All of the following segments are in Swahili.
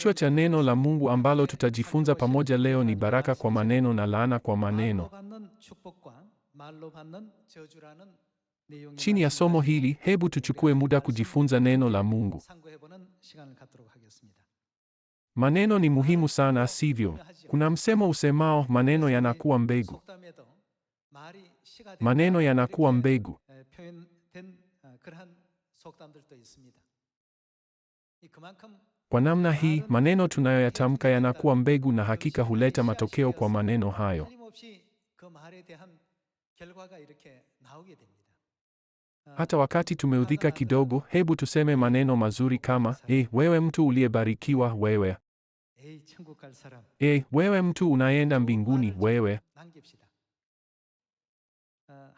Kichwa cha neno la Mungu ambalo tutajifunza pamoja leo ni baraka kwa maneno na laana kwa maneno. Chini ya somo hili, hebu tuchukue muda kujifunza neno la Mungu. Maneno ni muhimu sana, sivyo? Kuna msemo usemao maneno yanakuwa mbegu. Maneno yanakuwa mbegu. Kwa namna hii, maneno tunayoyatamka yanakuwa mbegu na hakika huleta matokeo kwa maneno hayo. Hata wakati tumeudhika kidogo, hebu tuseme maneno mazuri kama eh, wewe mtu uliyebarikiwa, wewe eh, wewe mtu unayeenda mbinguni, wewe.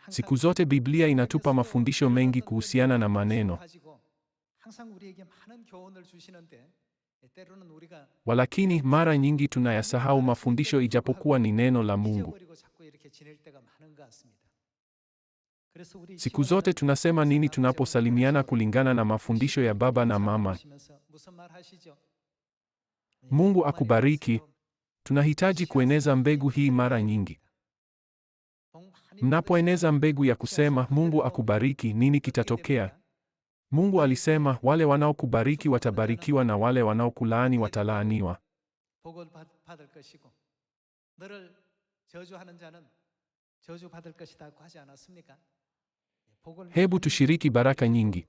Siku zote Biblia inatupa mafundisho mengi kuhusiana na maneno. Walakini mara nyingi tunayasahau mafundisho ijapokuwa ni neno la Mungu. Siku zote tunasema nini tunaposalimiana kulingana na mafundisho ya baba na mama? Mungu akubariki. Tunahitaji kueneza mbegu hii mara nyingi. Mnapoeneza mbegu ya kusema Mungu akubariki, nini kitatokea? Mungu alisema, wale wanaokubariki watabarikiwa na wale wanaokulaani watalaaniwa. Hebu tushiriki baraka nyingi.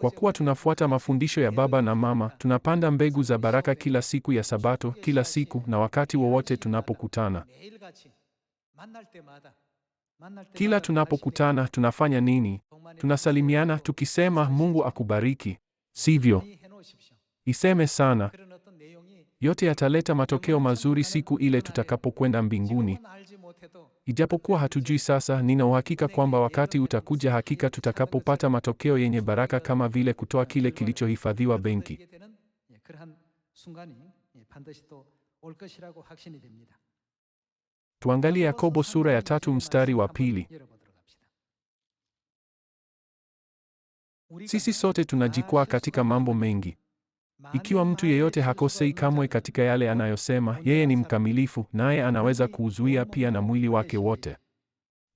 Kwa kuwa tunafuata mafundisho ya Baba na Mama, tunapanda mbegu za baraka kila siku ya Sabato, kila siku na wakati wowote tunapokutana. Kila tunapokutana tunafanya nini? Tunasalimiana tukisema Mungu akubariki, sivyo? Iseme sana. Yote yataleta matokeo mazuri siku ile tutakapokwenda mbinguni. Ijapokuwa hatujui sasa, nina uhakika kwamba wakati utakuja hakika tutakapopata matokeo yenye baraka kama vile kutoa kile kilichohifadhiwa benki. Tuangalie Yakobo sura ya tatu mstari wa pili. Sisi sote tunajikwaa katika mambo mengi. Ikiwa mtu yeyote hakosei kamwe katika yale anayosema, yeye ni mkamilifu, naye anaweza kuuzuia pia na mwili wake wote.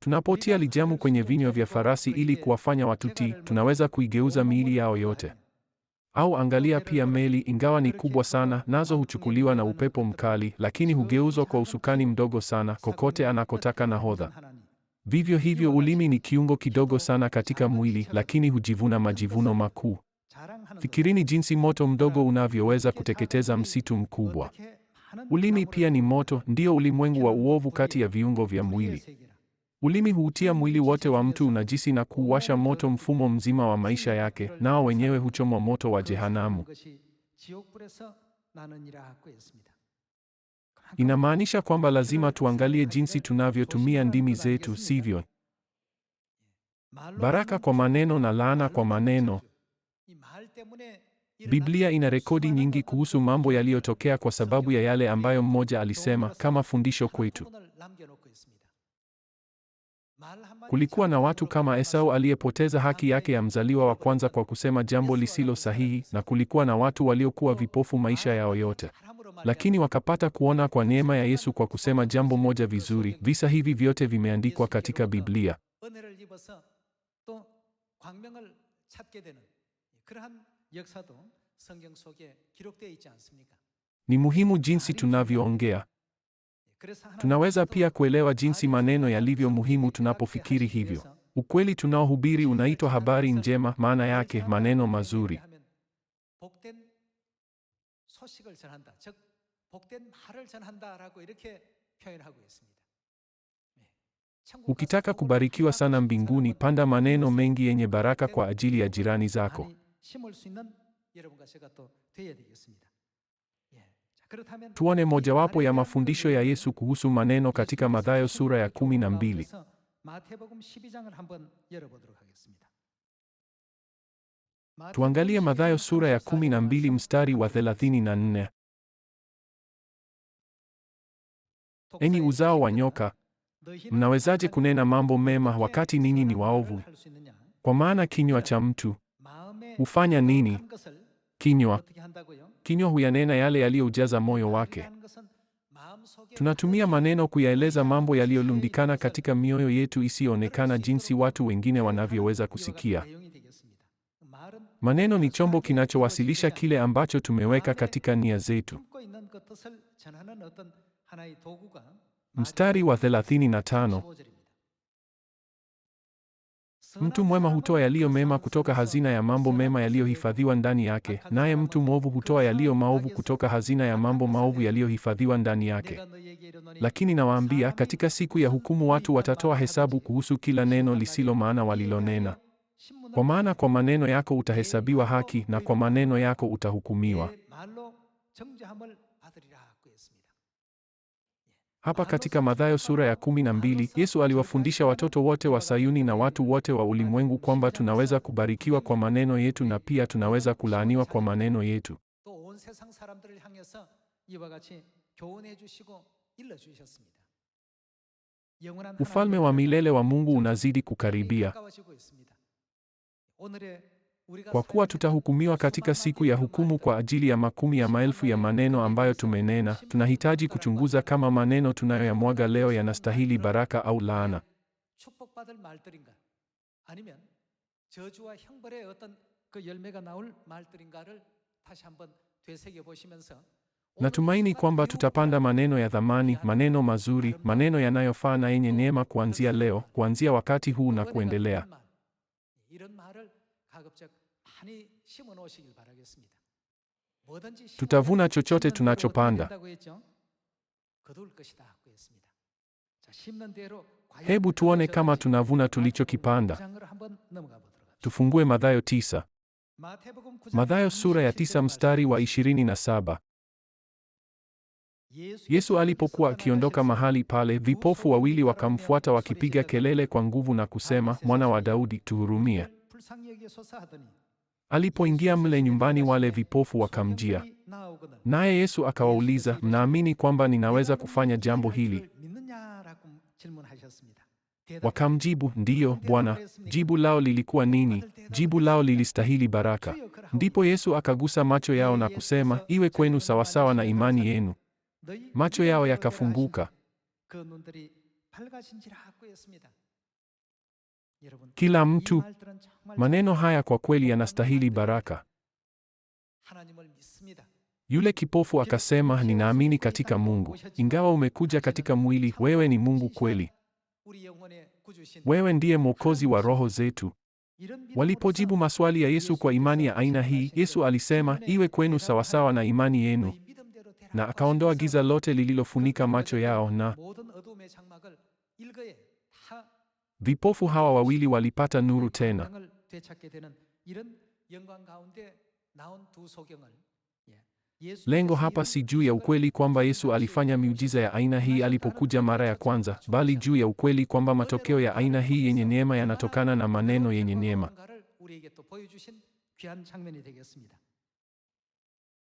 Tunapotia lijamu kwenye vinyo vya farasi ili kuwafanya watutii, tunaweza kuigeuza miili yao yote. Au angalia pia meli, ingawa ni kubwa sana, nazo huchukuliwa na upepo mkali, lakini hugeuzwa kwa usukani mdogo sana kokote anakotaka nahodha. Vivyo hivyo, ulimi ni kiungo kidogo sana katika mwili, lakini hujivuna majivuno makuu. Fikirini jinsi moto mdogo unavyoweza kuteketeza msitu mkubwa. Ulimi pia ni moto, ndio ulimwengu wa uovu kati ya viungo vya mwili. Ulimi huutia mwili wote wa mtu unajisi na kuuwasha moto mfumo mzima wa maisha yake, nao wenyewe huchomwa moto wa jehanamu. Inamaanisha kwamba lazima tuangalie jinsi tunavyotumia ndimi zetu, sivyo? Baraka kwa maneno na laana kwa maneno. Biblia ina rekodi nyingi kuhusu mambo yaliyotokea kwa sababu ya yale ambayo mmoja alisema kama fundisho kwetu. Kulikuwa na watu kama Esau aliyepoteza haki yake ya mzaliwa wa kwanza kwa kusema jambo lisilo sahihi, na kulikuwa na watu waliokuwa vipofu maisha yao yote, lakini wakapata kuona kwa neema ya Yesu kwa kusema jambo moja vizuri. Visa hivi vyote vimeandikwa katika Biblia. Ni muhimu jinsi tunavyoongea. Tunaweza pia kuelewa jinsi maneno yalivyo muhimu tunapofikiri hivyo. Ukweli tunaohubiri unaitwa habari njema, maana yake maneno mazuri. Ukitaka kubarikiwa sana mbinguni, panda maneno mengi yenye baraka kwa ajili ya jirani zako. Tuone mojawapo ya mafundisho ya Yesu kuhusu maneno katika Mathayo sura ya kumi na mbili. Tuangalie Mathayo sura ya kumi na mbili mstari wa thelathini na nne. Enyi uzao wa nyoka, mnawezaje kunena mambo mema wakati ninyi ni waovu? Kwa maana kinywa cha mtu hufanya nini? Kinywa. Kinywa huyanena yale yaliyoujaza moyo wake. Tunatumia maneno kuyaeleza mambo yaliyolundikana katika mioyo yetu isiyoonekana jinsi watu wengine wanavyoweza kusikia. Maneno ni chombo kinachowasilisha kile ambacho tumeweka katika nia zetu. Mstari wa 35. Mtu mwema hutoa yaliyo mema kutoka hazina ya mambo mema yaliyohifadhiwa ndani yake, naye mtu mwovu hutoa yaliyo maovu kutoka hazina ya mambo maovu yaliyohifadhiwa ndani yake. Lakini nawaambia, katika siku ya hukumu watu watatoa hesabu kuhusu kila neno lisilo maana walilonena. Kwa maana kwa maneno yako utahesabiwa haki na kwa maneno yako utahukumiwa. Hapa katika Mathayo sura ya kumi na mbili, Yesu aliwafundisha watoto wote wa Sayuni na watu wote wa ulimwengu kwamba tunaweza kubarikiwa kwa maneno yetu na pia tunaweza kulaaniwa kwa maneno yetu. Ufalme wa milele wa Mungu unazidi kukaribia. Kwa kuwa tutahukumiwa katika siku ya hukumu kwa ajili ya makumi ya maelfu ya maneno ambayo tumenena, tunahitaji kuchunguza kama maneno tunayoyamwaga leo yanastahili baraka au laana. Natumaini kwamba tutapanda maneno ya dhamani, maneno mazuri, maneno yanayofaa na yenye neema kuanzia leo, kuanzia wakati huu na kuendelea. 가급적 많이 심어 바라겠습니다. 뭐든지 Tutavuna chochote tunachopanda. Hebu tuone kama tunavuna tulichokipanda. Tufungue Mathayo tisa. Mathayo sura ya tisa mstari wa 27. Yesu alipokuwa akiondoka mahali pale, vipofu wawili wakamfuata wakipiga kelele kwa nguvu na kusema, Mwana wa Daudi, tuhurumie. Alipoingia mle nyumbani, wale vipofu wakamjia, naye Yesu akawauliza, mnaamini kwamba ninaweza kufanya jambo hili? Wakamjibu, ndiyo Bwana. Jibu lao lilikuwa nini? Jibu lao lilistahili baraka. Ndipo Yesu akagusa macho yao na kusema, iwe kwenu sawasawa na imani yenu. Macho yao yakafunguka kila mtu. Maneno haya kwa kweli yanastahili baraka. Yule kipofu akasema, ninaamini katika Mungu. Ingawa umekuja katika mwili, wewe ni Mungu kweli. Wewe ndiye Mwokozi wa roho zetu. Walipojibu maswali ya Yesu kwa imani ya aina hii, Yesu alisema, iwe kwenu sawasawa na imani yenu, na akaondoa giza lote lililofunika macho yao na Vipofu hawa wawili walipata nuru tena. Lengo hapa si juu ya ukweli kwamba Yesu alifanya miujiza ya aina hii alipokuja mara ya kwanza, bali juu ya ukweli kwamba matokeo ya aina hii yenye neema yanatokana na maneno yenye neema.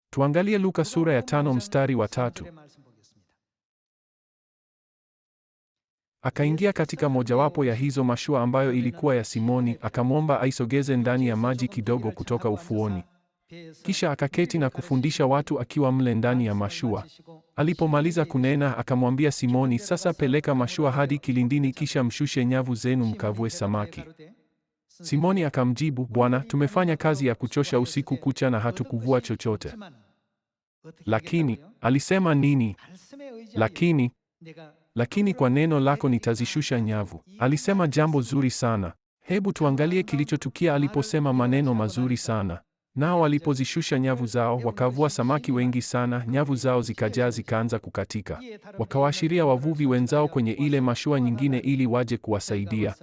Tuangalie Luka sura ya tano mstari wa tatu. Akaingia katika mojawapo ya hizo mashua ambayo ilikuwa ya Simoni, akamwomba aisogeze ndani ya maji kidogo kutoka ufuoni. Kisha akaketi na kufundisha watu akiwa mle ndani ya mashua. Alipomaliza kunena, akamwambia Simoni, sasa peleka mashua hadi kilindini, kisha mshushe nyavu zenu mkavue samaki. Simoni akamjibu, Bwana, tumefanya kazi ya kuchosha usiku kucha na hatukuvua chochote. Lakini alisema nini? Lakini lakini kwa neno lako nitazishusha nyavu. Alisema jambo zuri sana. Hebu tuangalie kilichotukia aliposema maneno mazuri sana. Nao walipozishusha nyavu zao wakavua samaki wengi sana, nyavu zao zikajaa zikaanza kukatika. Wakawaashiria wavuvi wenzao kwenye ile mashua nyingine ili waje kuwasaidia.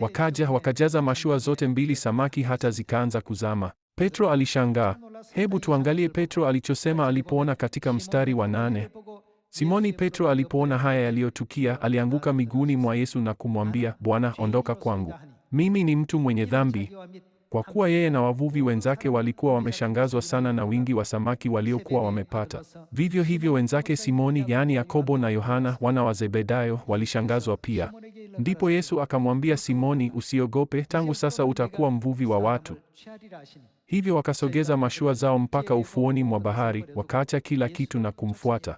Wakaja wakajaza mashua zote mbili samaki hata zikaanza kuzama. Petro alishangaa. Hebu tuangalie Petro alichosema alipoona katika mstari wa nane. Simoni Petro alipoona haya yaliyotukia, alianguka miguuni mwa Yesu na kumwambia, Bwana, ondoka kwangu, mimi ni mtu mwenye dhambi. Kwa kuwa yeye na wavuvi wenzake walikuwa wameshangazwa sana na wingi wa samaki waliokuwa wamepata. Vivyo hivyo wenzake Simoni, yaani Yakobo na Yohana wana wa Zebedayo, walishangazwa pia. Ndipo Yesu akamwambia Simoni, usiogope, tangu sasa utakuwa mvuvi wa watu. Hivyo wakasogeza mashua zao mpaka ufuoni mwa bahari, wakaacha kila kitu na kumfuata.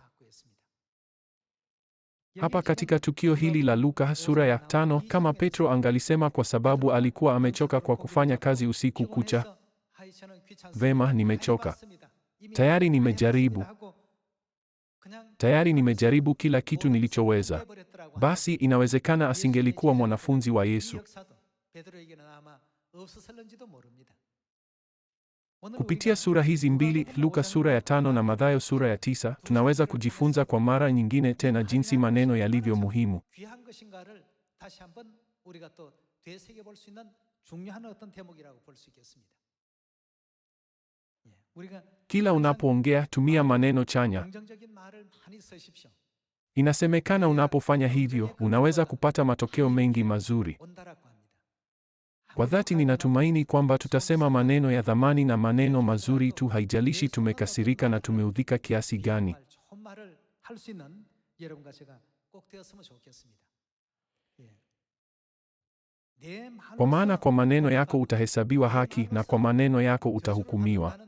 Hapa katika tukio hili la Luka sura ya tano, kama Petro angalisema kwa sababu alikuwa amechoka kwa kufanya kazi usiku kucha, vema, nimechoka tayari, nimejaribu tayari nimejaribu kila kitu nilichoweza. Basi inawezekana asingelikuwa mwanafunzi wa Yesu. Kupitia sura hizi mbili, Luka sura ya tano na Mathayo sura ya tisa, tunaweza kujifunza kwa mara nyingine tena jinsi maneno yalivyo muhimu. Kila unapoongea tumia maneno chanya. Inasemekana unapofanya hivyo, unaweza kupata matokeo mengi mazuri. Kwa dhati ninatumaini kwamba tutasema maneno ya dhamani na maneno mazuri tu, haijalishi tumekasirika na tumeudhika kiasi gani. Kwa maana kwa maneno yako utahesabiwa haki na kwa maneno yako utahukumiwa.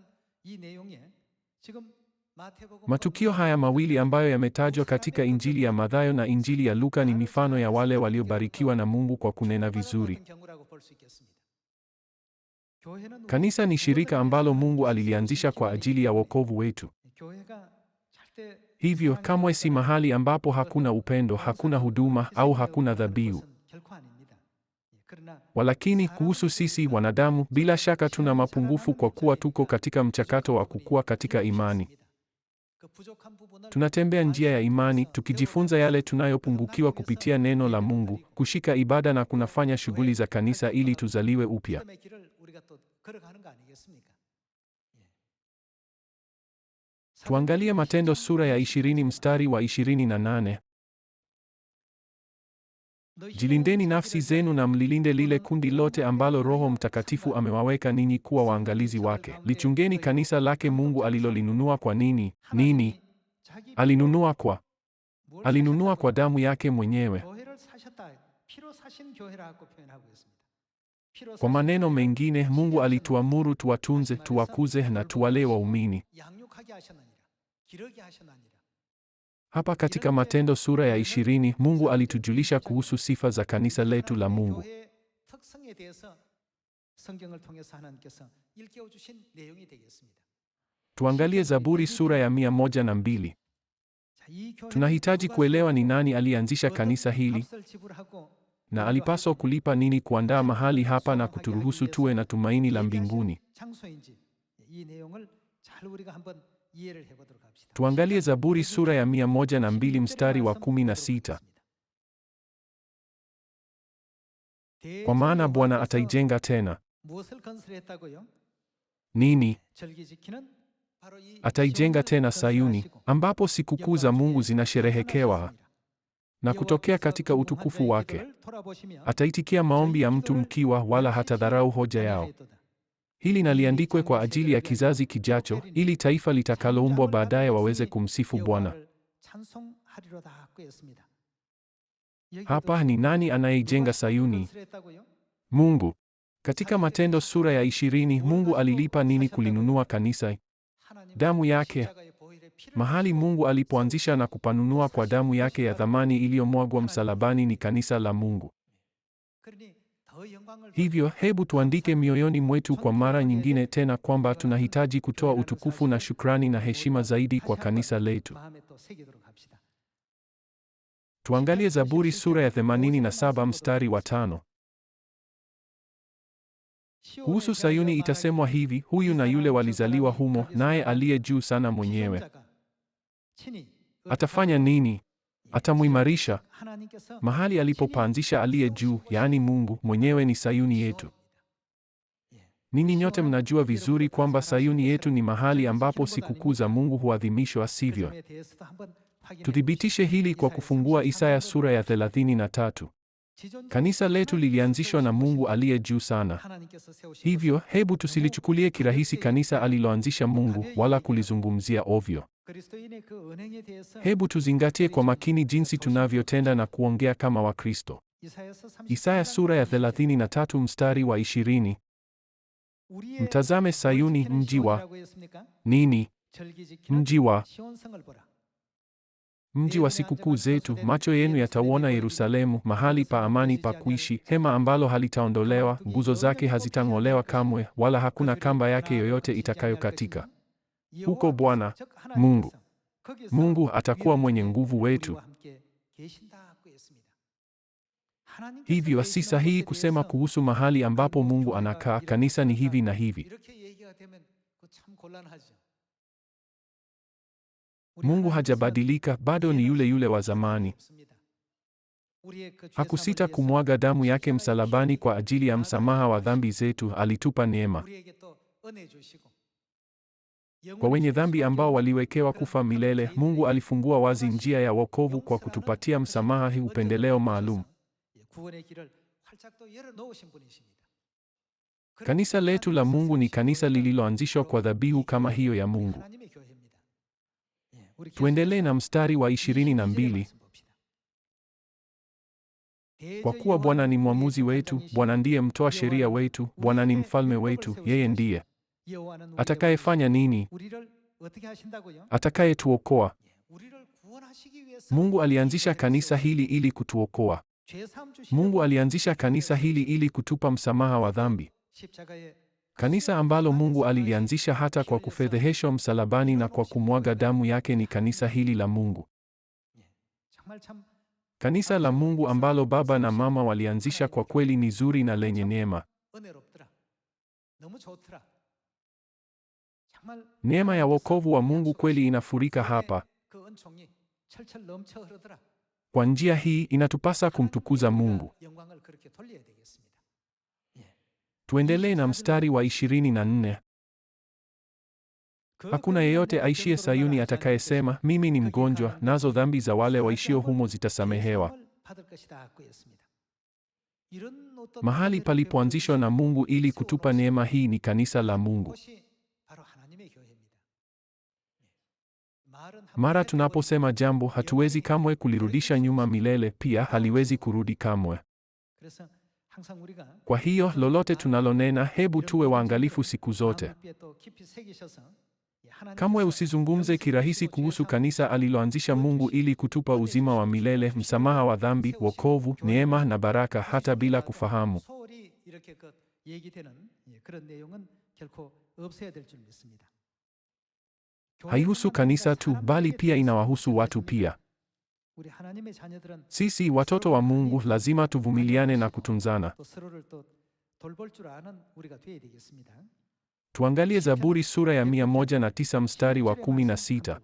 Matukio haya mawili ambayo yametajwa katika Injili ya Mathayo na Injili ya Luka ni mifano ya wale waliobarikiwa na Mungu kwa kunena vizuri. Kanisa ni shirika ambalo Mungu alilianzisha kwa ajili ya wokovu wetu. Hivyo kamwe si mahali ambapo hakuna upendo, hakuna huduma au hakuna dhabihu. Walakini kuhusu sisi wanadamu, bila shaka tuna mapungufu kwa kuwa tuko katika mchakato wa kukua katika imani. Tunatembea njia ya imani tukijifunza yale tunayopungukiwa kupitia neno la Mungu, kushika ibada na kunafanya shughuli za kanisa ili tuzaliwe upya. Tuangalie Matendo sura ya 20 mstari wa 28. Jilindeni nafsi zenu na mlilinde lile kundi lote ambalo Roho Mtakatifu amewaweka ninyi kuwa waangalizi wake. Lichungeni kanisa lake Mungu alilolinunua kwa nini? Nini? Alinunua kwa alinunua kwa damu yake mwenyewe. Kwa maneno mengine, Mungu alituamuru tuwatunze, tuwakuze na tuwalee waumini. Hapa katika Matendo sura ya ishirini, Mungu alitujulisha kuhusu sifa za kanisa letu la Mungu. Tuangalie Zaburi sura ya mia moja na mbili. Tunahitaji kuelewa ni nani alianzisha kanisa hili na alipaswa kulipa nini kuandaa mahali hapa na kuturuhusu tuwe na tumaini la mbinguni. Tuangalie Zaburi sura ya 102 mstari wa 16. Kwa maana Bwana ataijenga tena nini? Ataijenga tena Sayuni, ambapo sikukuu za Mungu zinasherehekewa na kutokea katika utukufu wake. Ataitikia maombi ya mtu mkiwa, wala hatadharau hoja yao. Hili naliandikwe kwa ajili ya kizazi kijacho, ili taifa litakaloumbwa baadaye waweze kumsifu Bwana. Hapa ni nani anayeijenga Sayuni? Mungu. Katika Matendo sura ya ishirini, Mungu alilipa nini kulinunua kanisa? Damu yake. Mahali Mungu alipoanzisha na kupanunua kwa damu yake ya thamani iliyomwagwa msalabani ni kanisa la Mungu. Hivyo hebu tuandike mioyoni mwetu kwa mara nyingine tena kwamba tunahitaji kutoa utukufu na shukrani na heshima zaidi kwa kanisa letu. Tuangalie Zaburi sura ya 87 mstari wa tano. Kuhusu Sayuni itasemwa hivi, huyu na yule walizaliwa humo, naye aliye juu sana mwenyewe atafanya nini? atamwimarisha mahali alipopanzisha aliye juu, yaani Mungu mwenyewe ni Sayuni yetu. Ninyi nyote mnajua vizuri kwamba Sayuni yetu ni mahali ambapo sikukuu za Mungu huadhimishwa, sivyo? Tuthibitishe hili kwa kufungua Isaya sura ya 33. Kanisa letu lilianzishwa na Mungu aliye juu sana. Hivyo hebu tusilichukulie kirahisi kanisa aliloanzisha Mungu wala kulizungumzia ovyo. Hebu tuzingatie kwa makini jinsi tunavyotenda na kuongea kama Wakristo. Isaya sura ya 33 mstari wa 20. Mtazame Sayuni mji wa nini? Mji wa mji wa sikukuu zetu, macho yenu yatauona Yerusalemu, mahali pa amani pa kuishi, hema ambalo halitaondolewa, nguzo zake hazitang'olewa kamwe, wala hakuna kamba yake yoyote itakayokatika huko Bwana Mungu Mungu atakuwa mwenye nguvu wetu. Hivyo si sahihi kusema kuhusu mahali ambapo Mungu anakaa, kanisa ni hivi na hivi. Mungu hajabadilika, bado ni yule yule wa zamani. Hakusita kumwaga damu yake msalabani kwa ajili ya msamaha wa dhambi zetu, alitupa neema. Kwa wenye dhambi ambao waliwekewa kufa milele, Mungu alifungua wazi njia ya wokovu kwa kutupatia msamaha hii upendeleo maalum. Kanisa letu la Mungu ni kanisa lililoanzishwa kwa dhabihu kama hiyo ya Mungu. Tuendelee na mstari wa ishirini na mbili. Kwa kuwa Bwana ni mwamuzi wetu, Bwana ndiye mtoa sheria wetu, Bwana ni mfalme wetu, yeye ndiye Atakayefanya nini? Atakayetuokoa. Mungu alianzisha kanisa hili ili kutuokoa. Mungu alianzisha kanisa hili ili kutupa msamaha wa dhambi. Kanisa ambalo Mungu alilianzisha hata kwa kufedheheshwa msalabani na kwa kumwaga damu yake ni kanisa hili la Mungu. Kanisa la Mungu ambalo baba na mama walianzisha kwa kweli ni zuri na lenye neema. Neema ya wokovu wa Mungu kweli inafurika hapa. Kwa njia hii inatupasa kumtukuza Mungu. Tuendelee na mstari wa 24. Hakuna yeyote aishiye Sayuni atakayesema mimi ni mgonjwa, nazo dhambi za wale waishio humo zitasamehewa. Mahali palipoanzishwa na Mungu ili kutupa neema hii ni kanisa la Mungu. Mara tunaposema jambo hatuwezi kamwe kulirudisha nyuma milele, pia haliwezi kurudi kamwe. Kwa hiyo lolote tunalonena, hebu tuwe waangalifu siku zote. Kamwe usizungumze kirahisi kuhusu kanisa aliloanzisha Mungu ili kutupa uzima wa milele, msamaha wa dhambi, wokovu, neema na baraka, hata bila kufahamu haihusu kanisa tu, bali pia inawahusu watu pia. Sisi watoto wa Mungu lazima tuvumiliane na kutunzana. Tuangalie Zaburi sura ya 109 mstari wa 16.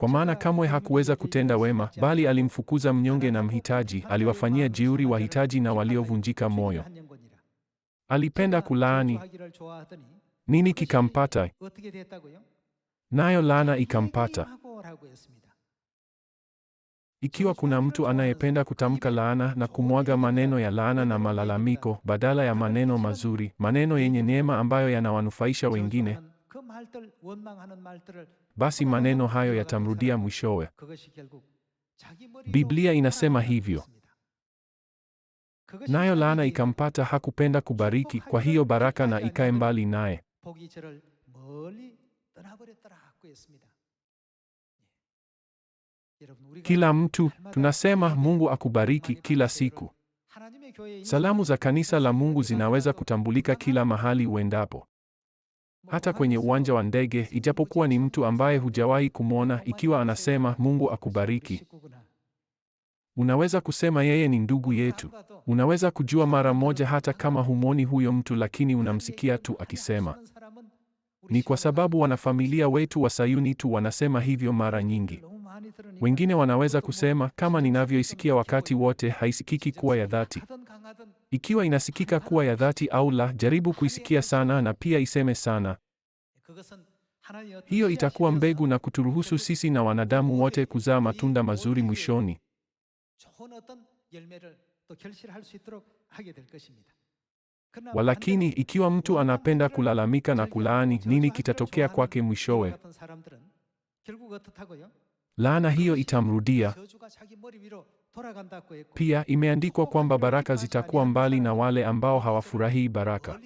Kwa maana kamwe hakuweza kutenda wema, bali alimfukuza mnyonge na mhitaji, aliwafanyia jeuri wahitaji na waliovunjika moyo. Alipenda kulaani nini kikampata? Nayo laana ikampata. Ikiwa kuna mtu anayependa kutamka laana na kumwaga maneno ya laana na malalamiko badala ya maneno mazuri, maneno yenye neema ambayo yanawanufaisha wengine, basi maneno hayo yatamrudia mwishowe. Biblia inasema hivyo. Nayo laana ikampata, hakupenda kubariki, kwa hiyo baraka na ikae mbali naye. 복이 저를 멀리 Kila mtu tunasema Mungu akubariki kila siku. Salamu za kanisa la Mungu zinaweza kutambulika kila mahali uendapo, hata kwenye uwanja wa ndege, ijapokuwa ni mtu ambaye hujawahi kumwona, ikiwa anasema Mungu akubariki. Unaweza kusema yeye ni ndugu yetu. Unaweza kujua mara moja, hata kama humwoni huyo mtu, lakini unamsikia tu akisema. Ni kwa sababu wanafamilia wetu wa Sayuni tu wanasema hivyo mara nyingi. Wengine wanaweza kusema kama ninavyoisikia wakati wote, haisikiki kuwa ya dhati. Ikiwa inasikika kuwa ya dhati au la, jaribu kuisikia sana na pia iseme sana. Hiyo itakuwa mbegu na kuturuhusu sisi na wanadamu wote kuzaa matunda mazuri mwishoni. Walakini, ikiwa mtu anapenda kulalamika na kulaani, nini kitatokea kwake mwishowe? Laana hiyo itamrudia. Pia imeandikwa kwamba baraka zitakuwa mbali na wale ambao hawafurahii baraka.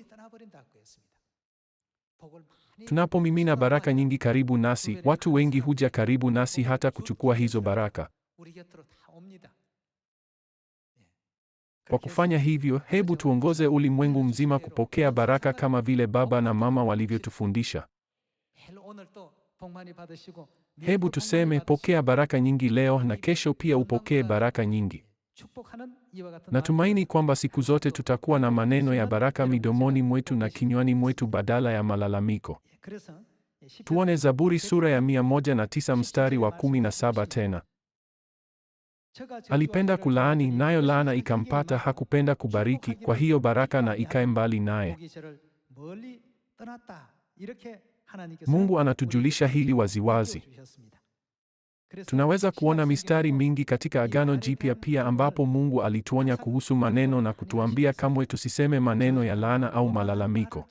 Tunapomimina baraka nyingi karibu nasi, watu wengi huja karibu nasi hata kuchukua hizo baraka. Kwa kufanya hivyo, hebu tuongoze ulimwengu mzima kupokea baraka kama vile baba na mama walivyotufundisha. Hebu tuseme, pokea baraka nyingi leo na kesho pia upokee baraka nyingi. Natumaini kwamba siku zote tutakuwa na maneno ya baraka midomoni mwetu na kinywani mwetu badala ya malalamiko. Tuone Zaburi sura ya 109 mstari wa 17 tena. Alipenda kulaani, nayo laana ikampata. Hakupenda kubariki, kwa hiyo baraka na ikae mbali naye. Mungu anatujulisha hili waziwazi. Tunaweza kuona mistari mingi katika Agano Jipya pia ambapo Mungu alituonya kuhusu maneno na kutuambia kamwe tusiseme maneno ya laana au malalamiko.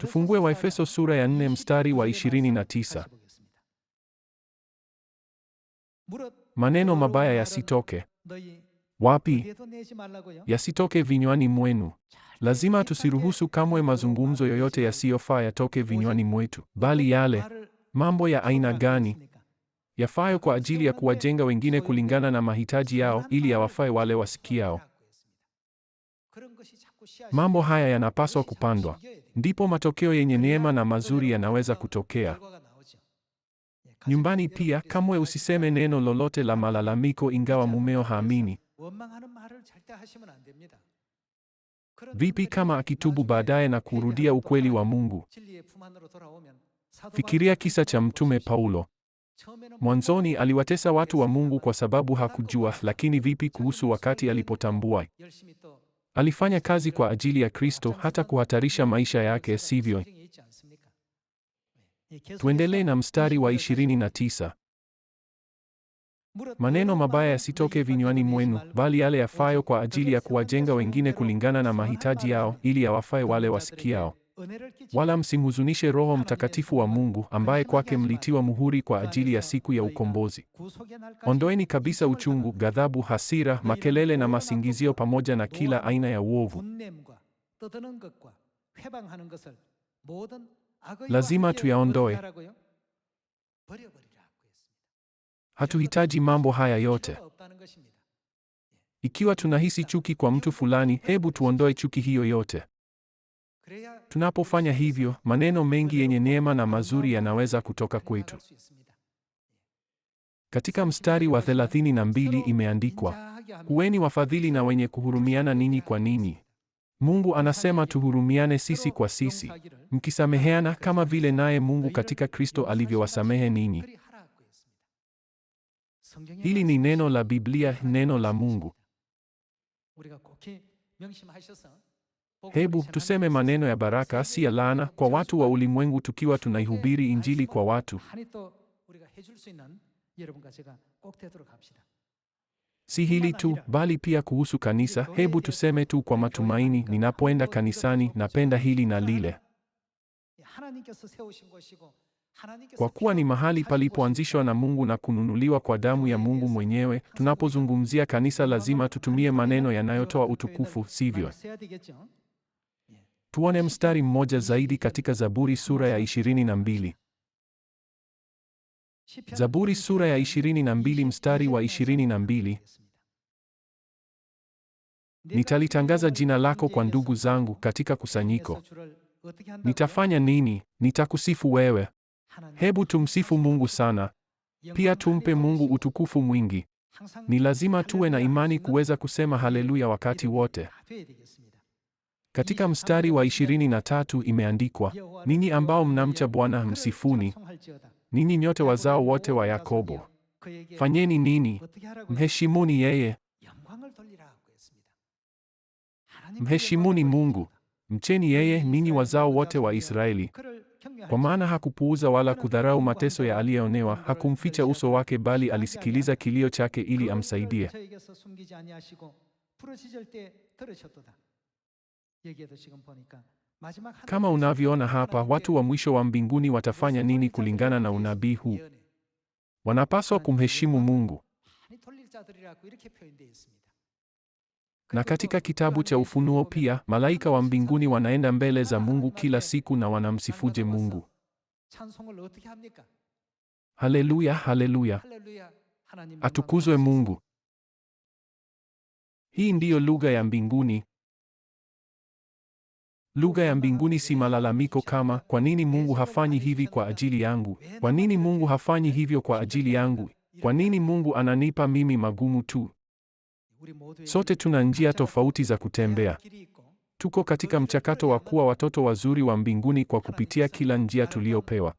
Tufungue Waefeso sura ya 4 mstari wa 29. Maneno mabaya yasitoke wapi? Yasitoke vinywani mwenu. Lazima tusiruhusu kamwe mazungumzo yoyote yasiyofaa yatoke vinywani mwetu, bali yale mambo ya aina gani yafayo kwa ajili ya kuwajenga wengine kulingana na mahitaji yao, ili yawafae wale wasikiao. Mambo haya yanapaswa kupandwa ndipo matokeo yenye neema na mazuri yanaweza kutokea. Nyumbani pia, kamwe usiseme neno lolote la malalamiko ingawa mumeo haamini. Vipi kama akitubu baadaye na kurudia ukweli wa Mungu? Fikiria kisa cha Mtume Paulo. Mwanzoni aliwatesa watu wa Mungu kwa sababu hakujua, lakini vipi kuhusu wakati alipotambua? Alifanya kazi kwa ajili ya Kristo hata kuhatarisha maisha yake, sivyo? Tuendelee na mstari wa 29. Maneno mabaya yasitoke vinywani mwenu, bali yale yafayo kwa ajili ya kuwajenga wengine kulingana na mahitaji yao, ili yawafae wale wasikiao. Wala msimhuzunishe Roho Mtakatifu wa Mungu ambaye kwake mlitiwa muhuri kwa ajili ya siku ya ukombozi. Ondoeni kabisa uchungu, ghadhabu, hasira, makelele na masingizio pamoja na kila aina ya uovu. Lazima tuyaondoe. Hatuhitaji mambo haya yote. Ikiwa tunahisi chuki kwa mtu fulani, hebu tuondoe chuki hiyo yote. Tunapofanya hivyo, maneno mengi yenye neema na mazuri yanaweza kutoka kwetu. Katika mstari wa 32 imeandikwa, kuweni wafadhili na wenye kuhurumiana ninyi kwa ninyi. Mungu anasema tuhurumiane sisi kwa sisi, mkisameheana kama vile naye Mungu katika Kristo alivyowasamehe ninyi. Hili ni neno la Biblia, neno la Mungu. Hebu tuseme maneno ya baraka, si ya laana, kwa watu wa ulimwengu, tukiwa tunaihubiri Injili kwa watu. Si hili tu, bali pia kuhusu kanisa. Hebu tuseme tu kwa matumaini, ninapoenda kanisani napenda hili na lile, kwa kuwa ni mahali palipoanzishwa na Mungu na kununuliwa kwa damu ya Mungu mwenyewe. Tunapozungumzia kanisa, lazima tutumie maneno yanayotoa utukufu, sivyo? Tuone mstari mmoja zaidi katika Zaburi sura ya 22. Zaburi sura ya 22 mstari wa 22. Nitalitangaza jina lako kwa ndugu zangu katika kusanyiko. Nitafanya nini? Nitakusifu wewe. Hebu tumsifu Mungu sana. Pia tumpe Mungu utukufu mwingi. Ni lazima tuwe na imani kuweza kusema haleluya wakati wote. Katika mstari wa 23 imeandikwa, ninyi ambao mnamcha Bwana msifuni, ninyi nyote wazao wote wa Yakobo. Fanyeni nini? Mheshimuni yeye, mheshimuni Mungu, mcheni yeye, ninyi wazao wote wa Israeli, kwa maana hakupuuza wala kudharau mateso ya aliyeonewa, hakumficha uso wake, bali alisikiliza kilio chake ili amsaidie. Kama unavyoona hapa, watu wa mwisho wa mbinguni watafanya nini kulingana na unabii huu? Wanapaswa kumheshimu Mungu. Na katika kitabu cha Ufunuo pia, malaika wa mbinguni wanaenda mbele za Mungu kila siku na wanamsifuje Mungu. Haleluya, haleluya. Atukuzwe Mungu. Hii ndiyo lugha ya mbinguni, Lugha ya mbinguni si malalamiko kama kwa nini Mungu hafanyi hivi kwa ajili yangu? Kwa nini Mungu hafanyi hivyo kwa ajili yangu? Kwa nini Mungu ananipa mimi magumu tu? Sote tuna njia tofauti za kutembea. Tuko katika mchakato wa kuwa watoto wazuri wa mbinguni kwa kupitia kila njia tuliyopewa.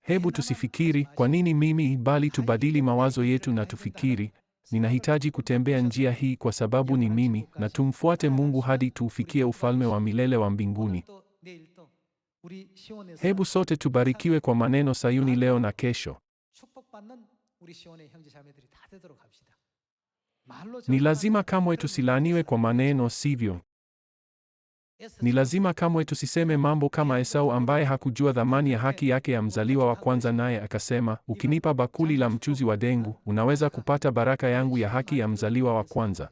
Hebu tusifikiri kwa nini mimi, bali tubadili mawazo yetu na tufikiri ninahitaji kutembea njia hii kwa sababu ni mimi, na tumfuate Mungu hadi tuufikie ufalme wa milele wa mbinguni. Hebu sote tubarikiwe kwa maneno Sayuni leo na kesho. Ni lazima kamwe tusilaaniwe kwa maneno, sivyo? Ni lazima kamwe tusiseme mambo kama Esau ambaye hakujua dhamani ya haki yake ya mzaliwa wa kwanza, naye akasema, ukinipa bakuli la mchuzi wa dengu, unaweza kupata baraka yangu ya haki ya mzaliwa wa kwanza.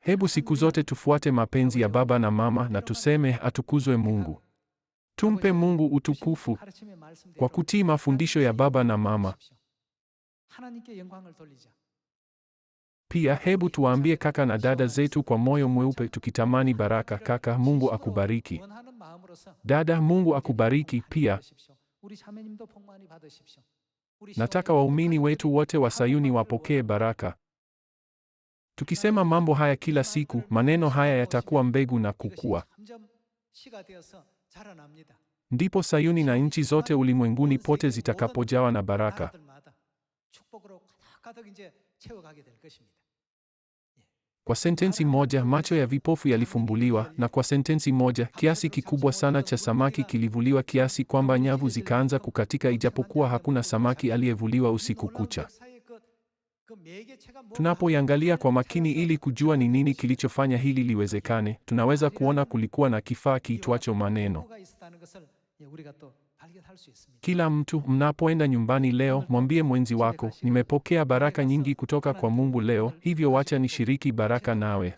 Hebu siku zote tufuate mapenzi ya Baba na Mama na tuseme atukuzwe Mungu. Tumpe Mungu utukufu kwa kutii mafundisho ya Baba na Mama. Pia hebu tuwaambie kaka na dada zetu kwa moyo mweupe tukitamani baraka. Kaka, Mungu akubariki. Dada, Mungu akubariki pia. Nataka waumini wetu wote wa Sayuni wapokee baraka. Tukisema mambo haya kila siku, maneno haya yatakuwa mbegu na kukua. Ndipo Sayuni na nchi zote ulimwenguni pote zitakapojawa na baraka. Kwa sentensi moja macho ya vipofu yalifumbuliwa, na kwa sentensi moja kiasi kikubwa sana cha samaki kilivuliwa kiasi kwamba nyavu zikaanza kukatika, ijapokuwa hakuna samaki aliyevuliwa usiku kucha. Tunapoiangalia kwa makini ili kujua ni nini kilichofanya hili liwezekane, tunaweza kuona kulikuwa na kifaa kiitwacho maneno. Kila mtu mnapoenda nyumbani leo, mwambie mwenzi wako, nimepokea baraka nyingi kutoka kwa Mungu leo, hivyo wacha nishiriki baraka nawe.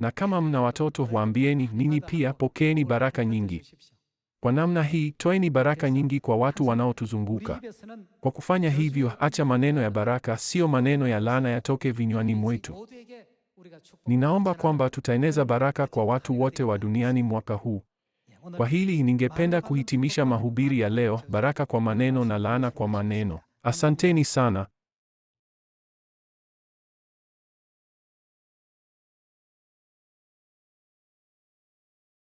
Na kama mna watoto, waambieni ninyi pia pokeeni baraka nyingi. Kwa namna hii, toeni baraka nyingi kwa watu wanaotuzunguka. Kwa kufanya hivyo, acha maneno ya baraka, siyo maneno ya laana yatoke vinywani mwetu. Ninaomba kwamba tutaeneza baraka kwa watu wote wa duniani mwaka huu. Kwa hili ningependa kuhitimisha mahubiri ya leo, baraka kwa maneno na laana kwa maneno. Asanteni sana.